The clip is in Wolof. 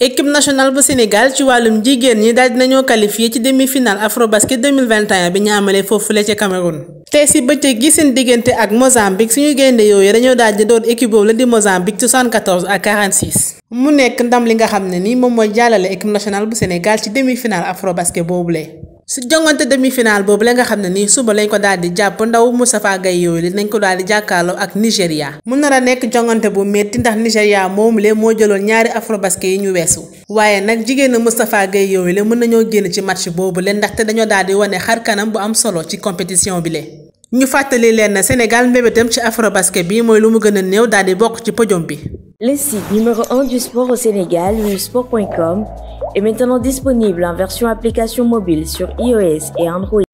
équipe nationale bu Sénégal ci wàllum jigéen ñi daal dinañoo qualifié ci demi-finale Afrobasket 2021 bi ñu amalee foofule ca Cameroun. tey si bëccëg gi seen diggante ak Mozambique suñu gaynde yooyu dañoo daal di doon équipe la di Mozambique 74 ak mu nekk ndam li nga xam ne nii moom mooy jàllale équipe nationale bu Sénégal ci demi-finale Afrobasket boobule. si jongante demi-finale boobu la nga xam ne nii suba lañ ko daal di jàpp ndaw Moustapha Gueye yooyu li nañ ko daal di jàkkaarloo ak Nigéria mu nar a nekk jongante bu métti ndax Nigéria moom le moo jëloon ñaari afrobasket yi ñu weesu waaye nag jigéenu Moustapha Gueye yooyu la mën nañoo génn ci match boobu le ndaxte dañoo daal di wane xar kanam bu am solo ci compétition bi le ñu fàttali leen na Sénégal mbébétam ci afrobasket bi mooy lu mu gën a néew daal di bokk ci podium bi. Le site numéro un du sport est maintenant disponible en version application mobile sur iOS et Android.